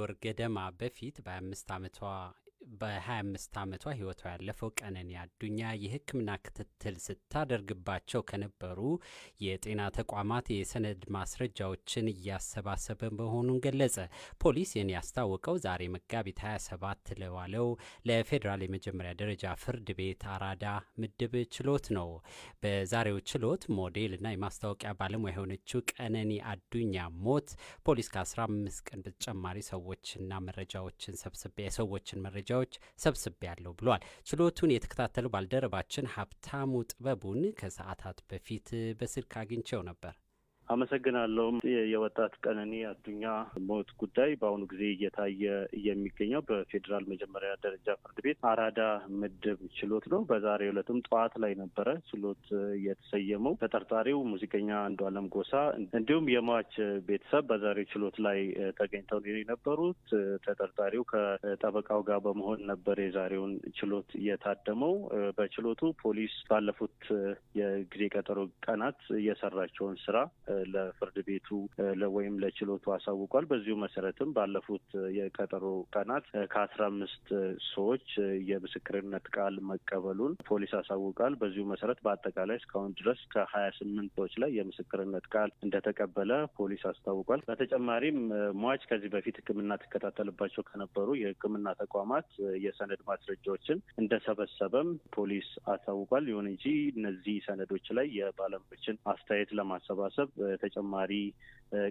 ከአንድ ወር ገደማ በፊት በአምስት ዓመቷ በ25 ዓመቷ ህይወቷ ያለፈው ቀነኒ አዱኛ የህክምና ክትትል ስታደርግባቸው ከነበሩ የጤና ተቋማት የሰነድ ማስረጃዎችን እያሰባሰበ መሆኑን ገለጸ። ፖሊስ ይህን ያስታወቀው ዛሬ መጋቢት 27 ለዋለው ለፌዴራል የመጀመሪያ ደረጃ ፍርድ ቤት አራዳ ምድብ ችሎት ነው። በዛሬው ችሎት ሞዴል እና የማስታወቂያ ባለሙያ የሆነችው ቀነኒ አዱኛ ሞት ፖሊስ ከ15 ቀን በተጨማሪ ሰዎችና መረጃዎችን ሰብስቤ የሰዎችን መረጃዎች ሰብስቤ ያለው ብሏል። ችሎቱን የተከታተሉ ባልደረባችን ሀብታሙ ጥበቡን ከሰዓታት በፊት በስልክ አግኝቸው ነበር። አመሰግናለሁም። የወጣት ቀነኒ አዱኛ ሞት ጉዳይ በአሁኑ ጊዜ እየታየ የሚገኘው በፌዴራል መጀመሪያ ደረጃ ፍርድ ቤት አራዳ ምድብ ችሎት ነው። በዛሬው ዕለትም ጠዋት ላይ ነበረ ችሎት የተሰየመው። ተጠርጣሪው ሙዚቀኛ አንዱዓለም ጎሳ እንዲሁም የሟች ቤተሰብ በዛሬው ችሎት ላይ ተገኝተው የነበሩት ተጠርጣሪው ከጠበቃው ጋር በመሆን ነበር የዛሬውን ችሎት የታደመው። በችሎቱ ፖሊስ ባለፉት የጊዜ ቀጠሮ ቀናት የሰራቸውን ስራ ለፍርድ ቤቱ ወይም ለችሎቱ አሳውቋል። በዚሁ መሰረትም ባለፉት የቀጠሮ ቀናት ከአስራ አምስት ሰዎች የምስክርነት ቃል መቀበሉን ፖሊስ አሳውቋል። በዚሁ መሰረት በአጠቃላይ እስካሁን ድረስ ከሀያ ስምንት ሰዎች ላይ የምስክርነት ቃል እንደተቀበለ ፖሊስ አስታውቋል። በተጨማሪም ሟች ከዚህ በፊት ሕክምና ትከታተልባቸው ከነበሩ የሕክምና ተቋማት የሰነድ ማስረጃዎችን እንደሰበሰበም ፖሊስ አሳውቋል። ይሁን እንጂ እነዚህ ሰነዶች ላይ የባለሙያዎችን አስተያየት ለማሰባሰብ ተጨማሪ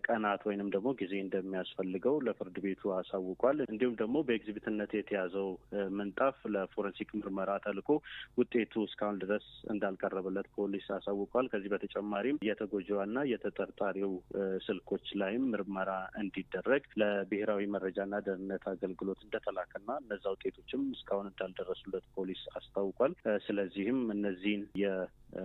ቀናት ወይንም ደግሞ ጊዜ እንደሚያስፈልገው ለፍርድ ቤቱ አሳውቋል። እንዲሁም ደግሞ በኤግዚቢትነት የተያዘው ምንጣፍ ለፎረንሲክ ምርመራ ተልኮ ውጤቱ እስካሁን ድረስ እንዳልቀረበለት ፖሊስ አሳውቋል። ከዚህ በተጨማሪም የተጎጂዋና የተጠርጣሪው ስልኮች ላይም ምርመራ እንዲደረግ ለብሔራዊ መረጃና ደህንነት አገልግሎት እንደተላከና እነዛ ውጤቶችም እስካሁን እንዳልደረሱለት ፖሊስ አስታውቋል። ስለዚህም እነዚህን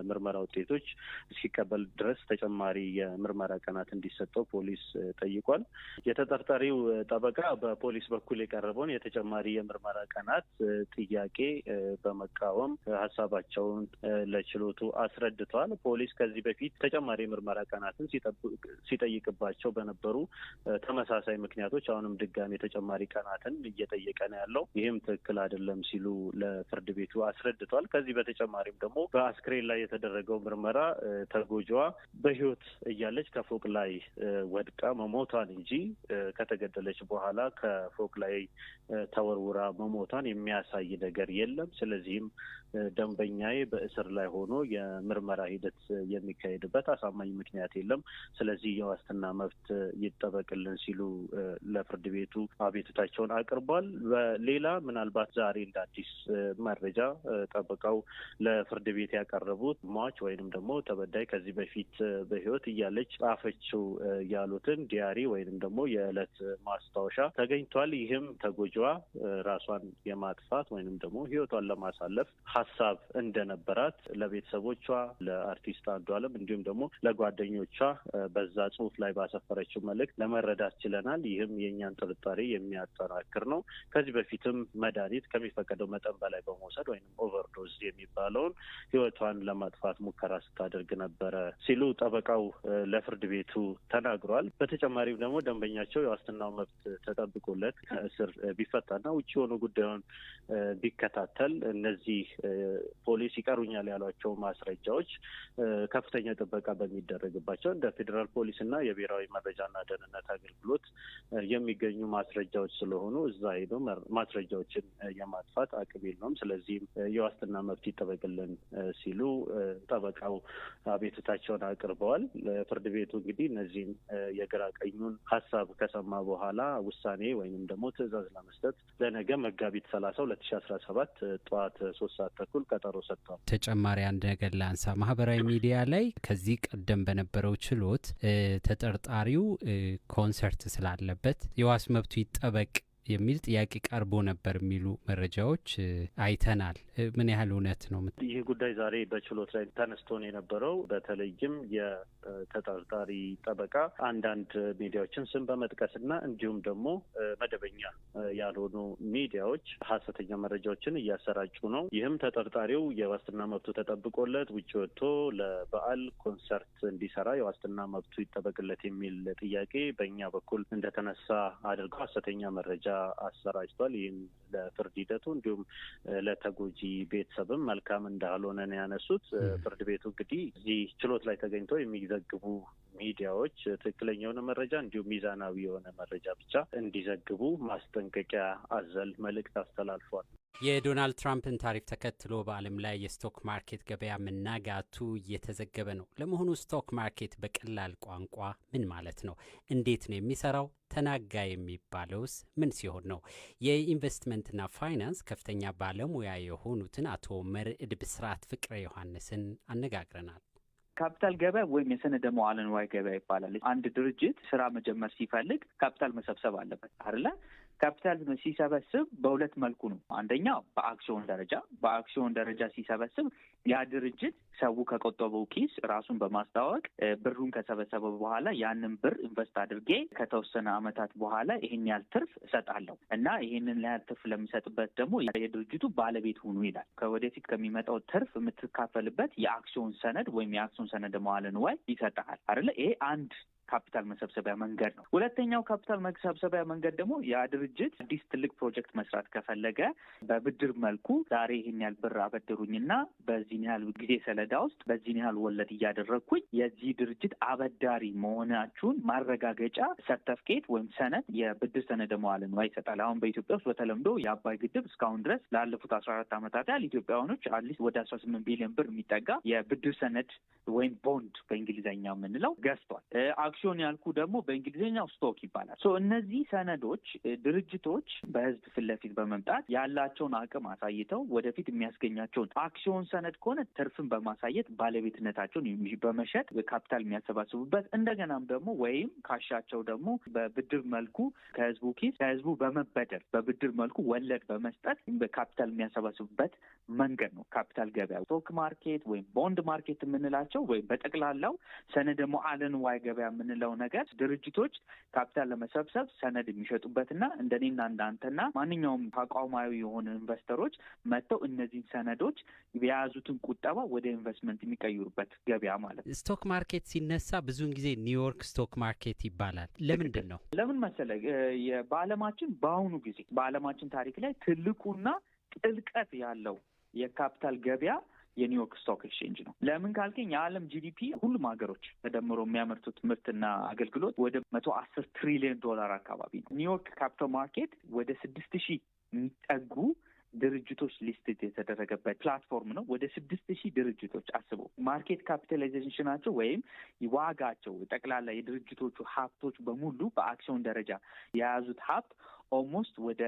ምርመራ ውጤቶች እስኪቀበል ድረስ ተጨማሪ የምርመራ ቀናት እንዲሰጠው ፖሊስ ጠይቋል። የተጠርጣሪው ጠበቃ በፖሊስ በኩል የቀረበውን የተጨማሪ የምርመራ ቀናት ጥያቄ በመቃወም ሀሳባቸውን ለችሎቱ አስረድተዋል። ፖሊስ ከዚህ በፊት ተጨማሪ የምርመራ ቀናትን ሲጠይቅባቸው በነበሩ ተመሳሳይ ምክንያቶች አሁንም ድጋሚ ተጨማሪ ቀናትን እየጠየቀ ነው ያለው። ይህም ትክክል አይደለም ሲሉ ለፍርድ ቤቱ አስረድተዋል። ከዚህ በተጨማሪም ደግሞ በአስክሬን ላይ የተደረገው ምርመራ ተጎጂዋ በህይወት እያለች ከፎቅ ላይ ወድቃ መሞቷን እንጂ ከተገደለች በኋላ ከፎቅ ላይ ተወርውራ መሞቷን የሚያሳይ ነገር የለም። ስለዚህም ደንበኛዬ በእስር ላይ ሆኖ የምርመራ ሂደት የሚካሄድበት አሳማኝ ምክንያት የለም። ስለዚህ የዋስትና መብት ይጠበቅልን ሲሉ ለፍርድ ቤቱ አቤቱታቸውን አቅርቧል። በሌላ ምናልባት ዛሬ እንደ አዲስ መረጃ ጠብቀው ለፍርድ ቤት ያቀረቡ ያቀረቡት ሟች ወይንም ደግሞ ተበዳይ ከዚህ በፊት በህይወት እያለች ጻፈችው ያሉትን ዲያሪ ወይንም ደግሞ የዕለት ማስታወሻ ተገኝቷል። ይህም ተጎጂዋ ራሷን የማጥፋት ወይንም ደግሞ ህይወቷን ለማሳለፍ ሀሳብ እንደነበራት ለቤተሰቦቿ፣ ለአርቲስት አንዷለም እንዲሁም ደግሞ ለጓደኞቿ በዛ ጽሁፍ ላይ ባሰፈረችው መልእክት ለመረዳት ችለናል። ይህም የእኛን ጥርጣሬ የሚያጠናክር ነው። ከዚህ በፊትም መድኃኒት ከሚፈቀደው መጠን በላይ በመውሰድ ወይም ኦቨርዶዝ የሚባለውን ህይወቷን ለማጥፋት ሙከራ ስታደርግ ነበረ ሲሉ ጠበቃው ለፍርድ ቤቱ ተናግሯል። በተጨማሪም ደግሞ ደንበኛቸው የዋስትናው መብት ተጠብቆለት ከእስር ቢፈታና ውጭ የሆኑ ጉዳዩን ቢከታተል እነዚህ ፖሊስ ይቀሩኛል ያሏቸው ማስረጃዎች ከፍተኛ ጥበቃ በሚደረግባቸው እንደ ፌዴራል ፖሊስ እና የብሔራዊ መረጃና ደህንነት አገልግሎት የሚገኙ ማስረጃዎች ስለሆኑ እዛ ሄዶ ማስረጃዎችን የማጥፋት አቅም የለውም። ስለዚህም የዋስትና መብት ይጠበቅልን ሲሉ ጠበቃው አቤቱታቸውን አቅርበዋል። ፍርድ ቤቱ እንግዲህ እነዚህም የግራ ቀኙን ሀሳብ ከሰማ በኋላ ውሳኔ ወይም ደግሞ ትዕዛዝ ለመስጠት ለነገ መጋቢት ሰላሳ ሁለት ሺ አስራ ሰባት ጠዋት ሶስት ሰዓት ተኩል ቀጠሮ ሰጥቷል። ተጨማሪ አንድ ነገር ለአንሳ ማህበራዊ ሚዲያ ላይ ከዚህ ቀደም በነበረው ችሎት ተጠርጣሪው ኮንሰርት ስላለበት የዋስ መብቱ ይጠበቅ የሚል ጥያቄ ቀርቦ ነበር የሚሉ መረጃዎች አይተናል። ምን ያህል እውነት ነው? ይህ ጉዳይ ዛሬ በችሎት ላይ ተነስቶን የነበረው በተለይም የተጠርጣሪ ጠበቃ አንዳንድ ሚዲያዎችን ስም በመጥቀስና እንዲሁም ደግሞ መደበኛ ያልሆኑ ሚዲያዎች ሀሰተኛ መረጃዎችን እያሰራጩ ነው። ይህም ተጠርጣሪው የዋስትና መብቱ ተጠብቆለት ውጭ ወጥቶ ለበዓል ኮንሰርት እንዲሰራ የዋስትና መብቱ ይጠበቅለት የሚል ጥያቄ በእኛ በኩል እንደተነሳ አድርገው ሀሰተኛ መረጃ አሰራጭቷል። ይህም ለፍርድ ሂደቱ እንዲሁም ለተጎጂ ቤተሰብም መልካም እንዳልሆነ ነው ያነሱት። ፍርድ ቤቱ እንግዲህ እዚህ ችሎት ላይ ተገኝተው የሚዘግቡ ሚዲያዎች ትክክለኛ የሆነ መረጃ እንዲሁም ሚዛናዊ የሆነ መረጃ ብቻ እንዲዘግቡ ማስጠንቀቂያ አዘል መልእክት አስተላልፏል። የዶናልድ ትራምፕን ታሪፍ ተከትሎ በዓለም ላይ የስቶክ ማርኬት ገበያ መናጋቱ እየተዘገበ ነው። ለመሆኑ ስቶክ ማርኬት በቀላል ቋንቋ ምን ማለት ነው? እንዴት ነው የሚሰራው? ተናጋ የሚባለውስ ምን ሲሆን ነው? የኢንቨስትመንትና ፋይናንስ ከፍተኛ ባለሙያ የሆኑትን አቶ መርዕድ ብስራት ፍቅረ ዮሐንስን አነጋግረናል። ካፒታል ገበያ ወይም የሰነደ መዋለ ንዋይ ገበያ ይባላል። አንድ ድርጅት ስራ መጀመር ሲፈልግ ካፒታል መሰብሰብ አለበት አይደለ? ካፒታሊዝም ሲሰበስብ በሁለት መልኩ ነው። አንደኛው በአክሲዮን ደረጃ በአክሲዮን ደረጃ ሲሰበስብ ያ ድርጅት ሰው ከቆጠበው ኪስ ራሱን በማስታወቅ ብሩን ከሰበሰበ በኋላ ያንን ብር ኢንቨስት አድርጌ ከተወሰነ ዓመታት በኋላ ይሄን ያህል ትርፍ እሰጣለሁ እና ይሄንን ያህል ትርፍ ለሚሰጥበት ደግሞ የድርጅቱ ባለቤት ሁኑ ይላል። ከወደፊት ከሚመጣው ትርፍ የምትካፈልበት የአክሲዮን ሰነድ ወይም የአክሲዮን ሰነድ መዋለ ንዋይ ይሰጠሃል አይደለ? ይሄ አንድ ካፒታል መሰብሰቢያ መንገድ ነው። ሁለተኛው ካፒታል መሰብሰቢያ መንገድ ደግሞ ያ ድርጅት አዲስ ትልቅ ፕሮጀክት መስራት ከፈለገ በብድር መልኩ ዛሬ ይህን ያህል ብር አበድሩኝና በዚህን ያህል ጊዜ ሰለዳ ውስጥ በዚህን ያህል ወለድ እያደረግኩኝ የዚህ ድርጅት አበዳሪ መሆናችሁን ማረጋገጫ ሰርተፍኬት ወይም ሰነድ የብድር ሰነደ መዋለ ንዋይ ይሰጣል። አሁን በኢትዮጵያ ውስጥ በተለምዶ የአባይ ግድብ እስካሁን ድረስ ላለፉት አስራ አራት ዓመታት ያህል ኢትዮጵያውያኖች አትሊስት ወደ አስራ ስምንት ቢሊዮን ብር የሚጠጋ የብድር ሰነድ ወይም ቦንድ በእንግሊዝኛ የምንለው ገዝቷል። አክሲዮን ያልኩ ደግሞ በእንግሊዝኛው ስቶክ ይባላል። እነዚህ ሰነዶች ድርጅቶች በህዝብ ፊት ለፊት በመምጣት ያላቸውን አቅም አሳይተው ወደፊት የሚያስገኛቸውን አክሲዮን ሰነድ ከሆነ ትርፍን በማሳየት ባለቤትነታቸውን በመሸጥ ካፒታል የሚያሰባስቡበት እንደገናም ደግሞ ወይም ካሻቸው ደግሞ በብድር መልኩ ከህዝቡ ኪስ ከህዝቡ በመበደር በብድር መልኩ ወለድ በመስጠት በካፒታል የሚያሰባስቡበት መንገድ ነው። ካፒታል ገበያ ስቶክ ማርኬት ወይም ቦንድ ማርኬት የምንላቸው ወይም በጠቅላላው ሰነድ ደግሞ አለን ዋይ ገበያ የምንለው ነገር ድርጅቶች ካፒታል ለመሰብሰብ ሰነድ የሚሸጡበትና እንደኔና እንዳንተና ማንኛውም ተቋማዊ የሆኑ ኢንቨስተሮች መጥተው እነዚህን ሰነዶች የያዙትን ቁጠባ ወደ ኢንቨስትመንት የሚቀይሩበት ገበያ ማለት ነው። ስቶክ ማርኬት ሲነሳ ብዙውን ጊዜ ኒውዮርክ ስቶክ ማርኬት ይባላል። ለምንድን ነው? ለምን መሰለ በዓለማችን በአሁኑ ጊዜ በዓለማችን ታሪክ ላይ ትልቁና ጥልቀት ያለው የካፒታል ገበያ የኒውዮርክ ስቶክ ኤክስቼንጅ ነው። ለምን ካልከኝ የዓለም ጂዲፒ ሁሉም ሀገሮች ተደምሮ የሚያመርቱት ምርትና አገልግሎት ወደ መቶ አስር ትሪሊዮን ዶላር አካባቢ ነው። ኒውዮርክ ካፒታል ማርኬት ወደ ስድስት ሺህ የሚጠጉ ድርጅቶች ሊስትድ የተደረገበት ፕላትፎርም ነው። ወደ ስድስት ሺህ ድርጅቶች አስበው ማርኬት ካፒታላይዜሽናቸው ወይም ዋጋቸው ጠቅላላ የድርጅቶቹ ሀብቶች በሙሉ በአክሲዮን ደረጃ የያዙት ሀብት ኦልሞስት ወደ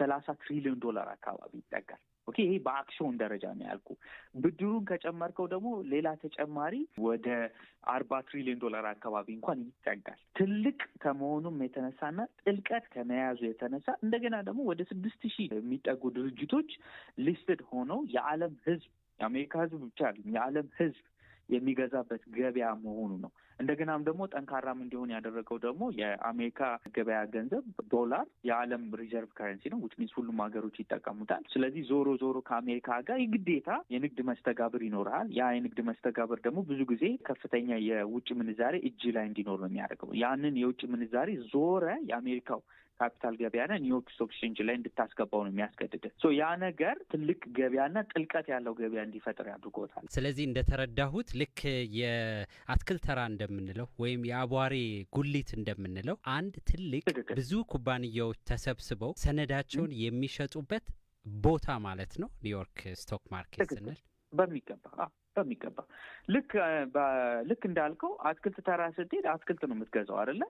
ሰላሳ ትሪሊዮን ዶላር አካባቢ ይጠጋል። ኦኬ ይሄ በአክሲዮን ደረጃ ነው ያልኩ። ብድሩን ከጨመርከው ደግሞ ሌላ ተጨማሪ ወደ አርባ ትሪሊዮን ዶላር አካባቢ እንኳን ይጠጋል። ትልቅ ከመሆኑም የተነሳና ጥልቀት ከመያዙ የተነሳ እንደገና ደግሞ ወደ ስድስት ሺህ የሚጠጉ ድርጅቶች ሊስትድ ሆነው የዓለም ህዝብ የአሜሪካ ህዝብ ብቻ የዓለም ህዝብ የሚገዛበት ገበያ መሆኑ ነው። እንደገናም ደግሞ ጠንካራም እንዲሆን ያደረገው ደግሞ የአሜሪካ ገበያ ገንዘብ ዶላር የዓለም ሪዘርቭ ከረንሲ ነው። ሚንስ ሁሉም ሀገሮች ይጠቀሙታል። ስለዚህ ዞሮ ዞሮ ከአሜሪካ ጋር ግዴታ የንግድ መስተጋብር ይኖርሃል። ያ የንግድ መስተጋብር ደግሞ ብዙ ጊዜ ከፍተኛ የውጭ ምንዛሬ እጅ ላይ እንዲኖር ነው የሚያደርገው። ያንን የውጭ ምንዛሬ ዞረ የአሜሪካው ካፒታል ገበያና ኒውዮርክ ስቶክ ኤክስቼንጅ ላይ እንድታስገባው ነው የሚያስገድድ። ሶ ያ ነገር ትልቅ ገበያና ጥልቀት ያለው ገበያ እንዲፈጥር ያድርጎታል። ስለዚህ እንደተረዳሁት ልክ የአትክልት ተራ እንደምንለው ወይም የአቧሬ ጉሊት እንደምንለው አንድ ትልቅ ብዙ ኩባንያዎች ተሰብስበው ሰነዳቸውን የሚሸጡበት ቦታ ማለት ነው ኒውዮርክ ስቶክ ማርኬት ስንል በሚገባ በሚገባ ልክ ልክ እንዳልከው አትክልት ተራ ስትሄድ አትክልት ነው የምትገዛው አይደለ?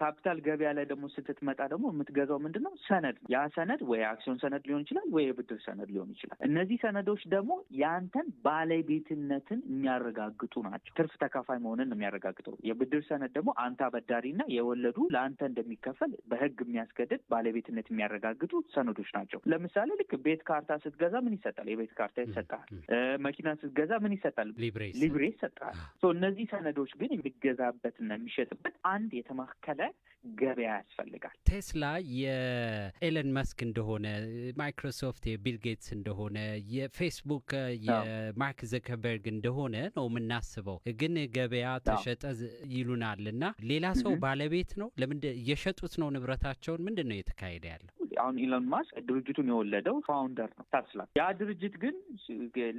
ካፒታል ገበያ ላይ ደግሞ ስትትመጣ ደግሞ የምትገዛው ምንድን ነው? ሰነድ ያ ሰነድ ወይ አክሲዮን ሰነድ ሊሆን ይችላል፣ ወይ የብድር ሰነድ ሊሆን ይችላል። እነዚህ ሰነዶች ደግሞ ያንተን ባለቤትነትን የሚያረጋግጡ ናቸው። ትርፍ ተካፋይ መሆንን ነው የሚያረጋግጠው። የብድር ሰነድ ደግሞ አንተ አበዳሪና የወለዱ ለአንተ እንደሚከፈል በህግ የሚያስገድድ ባለቤትነት የሚያረጋግጡ ሰነዶች ናቸው። ለምሳሌ ልክ ቤት ካርታ ስትገዛ ምን ይሰጣል? የቤት ካርታ ይሰጣል። መኪና ስትገዛ ምን ይሰጣል? ይሰጣል፣ ሊብሬ ይሰጣል። እነዚህ ሰነዶች ግን የሚገዛበትና የሚሸጥበት አንድ የተማከለ ገበያ ያስፈልጋል። ቴስላ የኤለን መስክ እንደሆነ ማይክሮሶፍት የቢል ጌትስ እንደሆነ የፌስቡክ የማርክ ዘከርበርግ እንደሆነ ነው የምናስበው። ግን ገበያ ተሸጠ ይሉናል እና ሌላ ሰው ባለቤት ነው ለምንድን እየሸጡት ነው ንብረታቸውን ምንድን ነው የተካሄደ ያለው? አሁን ኢሎን ማስክ ድርጅቱን የወለደው ፋውንደር ነው ተስላ። ያ ድርጅት ግን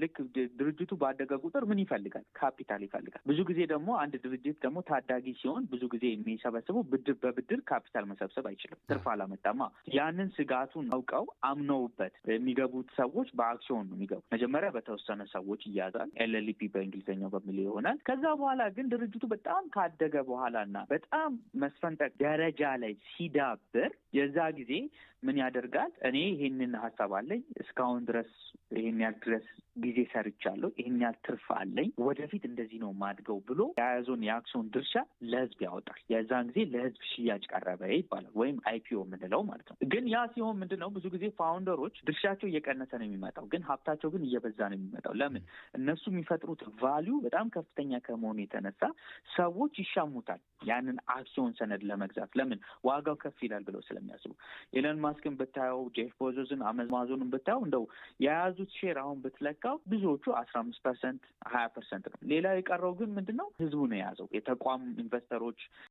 ልክ ድርጅቱ ባደገ ቁጥር ምን ይፈልጋል? ካፒታል ይፈልጋል። ብዙ ጊዜ ደግሞ አንድ ድርጅት ደግሞ ታዳጊ ሲሆን ብዙ ጊዜ የሚሰበስበው ብድር በብድር ካፒታል መሰብሰብ አይችልም፣ ትርፍ አላመጣማ። ያንን ስጋቱን አውቀው አምነውበት የሚገቡት ሰዎች በአክሲዮን ነው የሚገቡ። መጀመሪያ በተወሰነ ሰዎች ይያዛል፣ ኤልኤልፒ በእንግሊዝኛው በሚል ይሆናል። ከዛ በኋላ ግን ድርጅቱ በጣም ካደገ በኋላና በጣም መስፈንጠቅ ደረጃ ላይ ሲዳብር የዛ ጊዜ ምን ያደርጋል? እኔ ይህንን ሀሳብ አለኝ እስካሁን ድረስ ይህን ያህል ድረስ ጊዜ ሰርቻለሁ፣ ይህን ያህል ትርፍ አለኝ፣ ወደፊት እንደዚህ ነው ማድገው ብሎ የያዘውን የአክሲዮን ድርሻ ለህዝብ ያወጣል። የዛን ጊዜ ለህዝብ ሽያጭ ቀረበ ይባላል፣ ወይም አይፒኦ የምንለው ማለት ነው። ግን ያ ሲሆን ምንድን ነው ብዙ ጊዜ ፋውንደሮች ድርሻቸው እየቀነሰ ነው የሚመጣው፣ ግን ሀብታቸው ግን እየበዛ ነው የሚመጣው። ለምን? እነሱ የሚፈጥሩት ቫሊዩ በጣም ከፍተኛ ከመሆኑ የተነሳ ሰዎች ይሻሙታል ያንን አክሲዮን ሰነድ ለመግዛት። ለምን? ዋጋው ከፍ ይላል ብለው ስለሚያስቡ። ኤለን ማስክን ብታየው፣ ጄፍ ቦዞዝን፣ አማዞንን ብታየው እንደው የያዙ የያዙት ሼር አሁን ብትለካው ብዙዎቹ አስራ አምስት ፐርሰንት ሀያ ፐርሰንት ነው። ሌላ የቀረው ግን ምንድን ነው ህዝቡ ነው የያዘው። የተቋም ኢንቨስተሮች